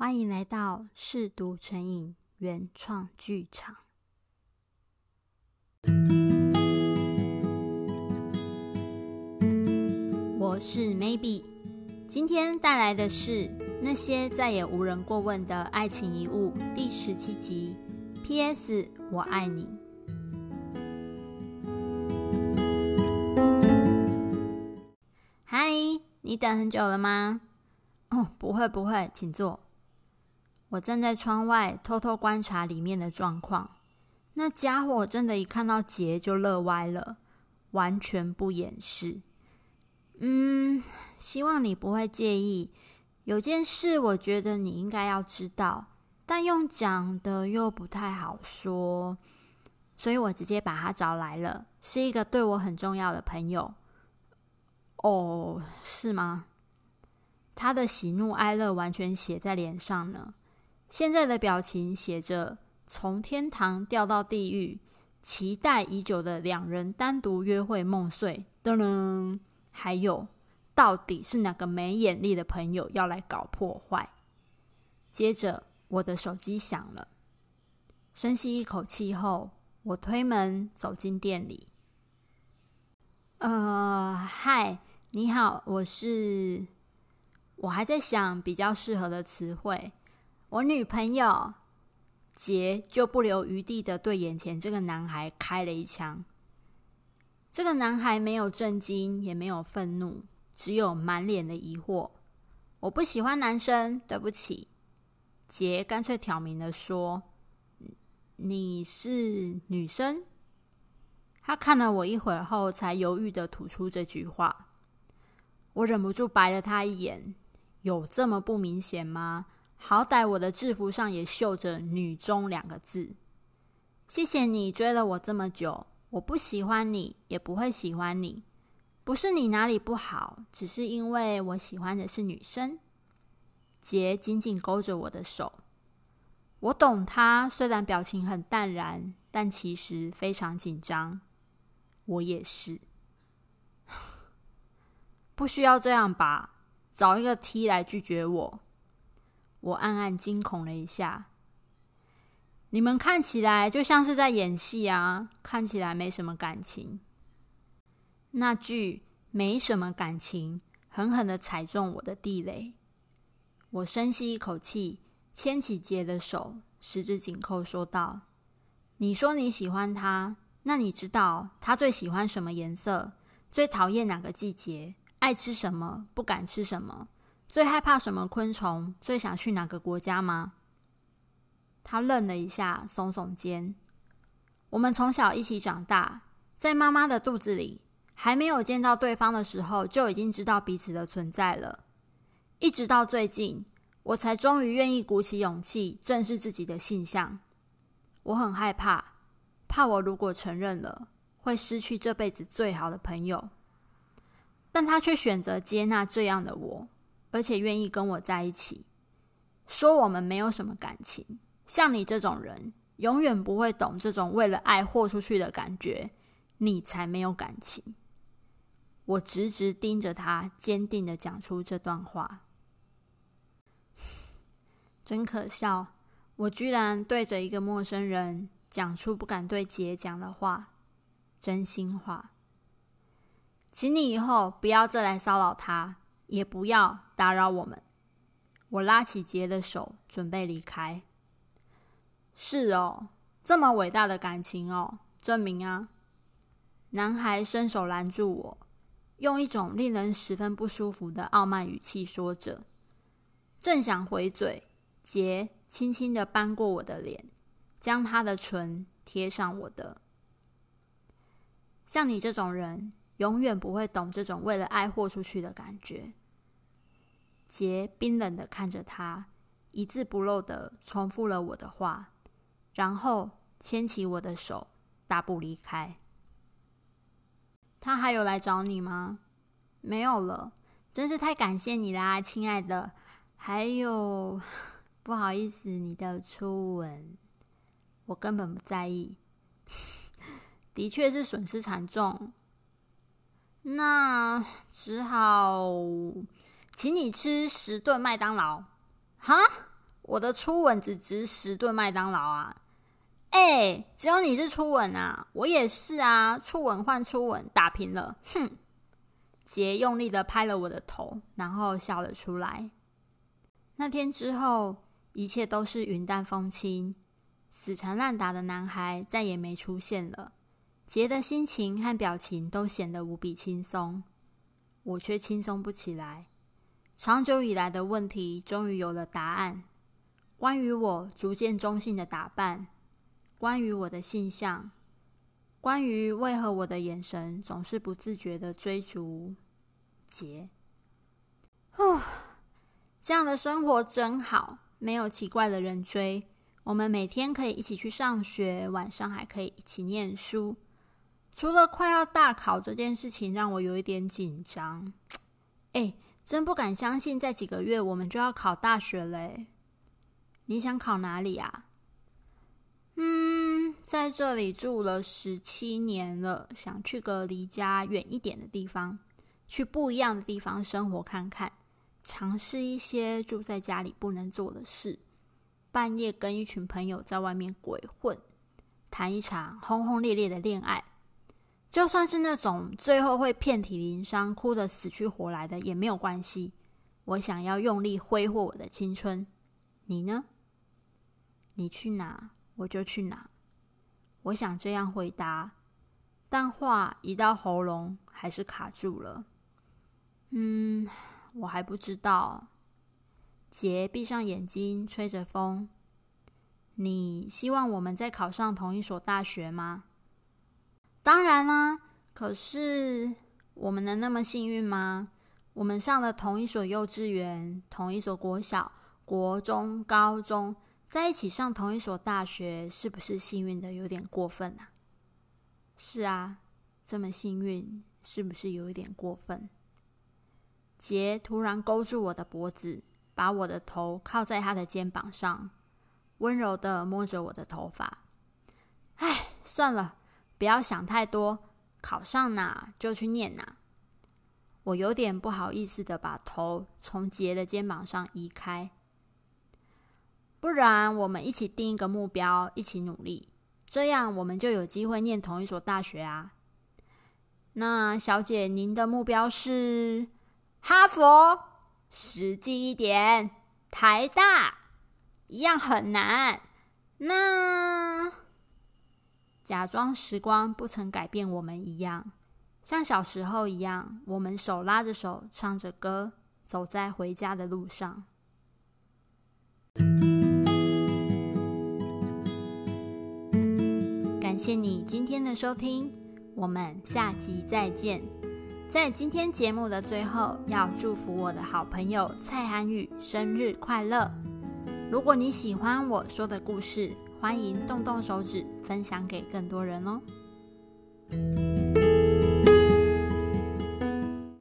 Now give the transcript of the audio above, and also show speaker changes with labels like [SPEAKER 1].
[SPEAKER 1] 歡迎來到《嗜讀成癮》原創劇場，我是 Maybe，今天帶來的是《那些再也無人過問的愛情遺物》第十七集。P.S. 我愛你。嗨，你等很久了嗎？哦，oh，不會不會，請坐。我站在窗外，偷偷觀察裡面的狀況。那家伙真的一看到杰就樂歪了，完全不掩飾。嗯，希望你不會介意。有件事我覺得你應該要知道，但用講的又不太好說。所以我直接把他找來了，是一個對我很重要的朋友。哦，是嗎？他的喜怒哀樂完全寫在臉上呢。現在的表情寫着“從天堂掉到地獄”，期待已久的兩人單獨約會夢碎，噔噔。還有，到底是哪個沒眼力的朋友要來搞破壞？接着，我的手機響了。深吸一口氣後，我推門走進店裡。呃，嗨，你好，我是……我還在想比較適合的詞彙。我女朋友杰就不留餘地的對眼前這個男孩開了一槍。這個男孩沒有震驚，也沒有憤怒，只有滿臉的疑惑。我不喜歡男生，對不起。杰乾脆挑明的說：“你是女生？”他看了我一會兒後，才猶豫的吐出這句話。我忍不住白了他一眼，有這麼不明顯嗎？好歹我的製服上也繡着“女中”兩個字。謝謝你追了我這麼久，我不喜歡你，也不會喜歡你。不是你哪裡不好，只是因為我喜歡的是女生。杰緊緊勾着我的手，我懂他，雖然表情很淡然，但其實非常緊張。我也是。不需要這樣吧？找一個 T 來拒絕我。我暗暗驚恐了一下。你們看起來就像是在演戲啊，看起來沒什麼感情。那句“沒什麼感情”狠狠的踩中我的地雷。我深吸一口氣，牽起杰的手，十指緊扣，說道：“你說你喜歡他，那你知道他最喜歡什麼顏色，最討厭哪個季節，愛吃什麼，不敢吃什麼？”最害怕什麼昆蟲？最想去哪個國家嗎？他愣了一下，聳聳肩。我們從小一起長大，在媽媽的肚子裡還沒有見到對方的時候，就已經知道彼此的存在了。一直到最近，我才終於願意鼓起勇氣正視自己的性向。我很害怕，怕我如果承認了，會失去這輩子最好的朋友。但他卻選擇接納這樣的我。而且願意跟我在一起，說我們沒有什麼感情。像你這種人，永遠不會懂這種為了愛豁出去的感覺。你才沒有感情。我直直盯着他，堅定的講出這段話，真可笑！我居然對着一個陌生人講出不敢對姐講的話，真心話。請你以後不要再來騷擾他。也不要打擾我們。我拉起傑的手，準備離開。是哦，這麼偉大的感情哦，證明啊！男孩伸手攔住我，用一種令人十分不舒服的傲慢語氣說着。正想回嘴，傑輕輕的扳過我的臉，將他的唇貼上我的。像你這種人，永遠不會懂這種為了愛豁出去的感覺。傑冰冷的看着他，一字不漏的重複了我的話，然後牽起我的手，大步離開。他還有來找你嗎？沒有了，真是太感謝你啦，啊，親愛的。還有，不好意思，你的初吻，我根本不在意。的確是損失慘重，那只好。請你吃十頓麥當勞，哈！我的初吻只值十頓麥當勞啊！哎，只有你是初吻啊，我也是啊。初吻換初吻，打平了。哼！杰用力的拍了我的頭，然後笑了出來。那天之後，一切都是雲淡風輕。死纏爛打的男孩再也沒出現了。杰的心情和表情都顯得無比輕鬆，我卻輕鬆不起來。長久以來的問題終於有了答案。關於我逐漸中性的打扮，關於我的性向，關於為何我的眼神總是不自覺的追逐杰。啊，這樣的生活真好，沒有奇怪的人追。我們每天可以一起去上學，晚上還可以一起念書。除了快要大考這件事情，讓我有一點緊張。哎。誒真不敢相信，再幾個月我們就要考大學嘞！你想考哪裡啊？嗯，在這裡住了十七年了，想去個離家遠一點的地方，去不一樣的地方生活看看，嘗試一些住在家裡不能做的事，半夜跟一群朋友在外面鬼混，談一場轟轟烈烈的戀愛。就算是那種最後會遍體鱗傷、哭得死去活來的，也沒有關係。我想要用力揮霍我的青春。你呢？你去哪，我就去哪。我想這樣回答，但話一到喉嚨，還是卡住了。嗯，我還不知道。傑閉上眼睛，吹着風。你希望我們再考上同一所大學嗎？當然啦，可是我們能那麼幸運嗎？我們上了同一所幼稚園，同一所國小、國中、高中，在一起上同一所大學，是不是幸運的有點過分啊？是啊，這麼幸運，是不是有一點過分？傑突然勾住我的脖子，把我的頭靠在他的肩膀上，溫柔的摸着我的頭髮。唉，算了。不要想太多，考上哪就去念哪。我有點不好意思的把頭從杰的肩膀上移開。不然我們一起定一個目標，一起努力，這樣我們就有機會念同一所大學啊。那小姐，您的目標是哈佛？實際一點，台大一樣很難。那。假裝時光不曾改變我們一樣，像小時候一樣，我們手拉着手，唱着歌，走在回家的路上。感謝你今天的收聽，我們下集再見。在今天節目的最後，要祝福我的好朋友蔡涵宇生日快樂。如果你喜歡我說的故事，歡迎動動手指，分享給更多人哦。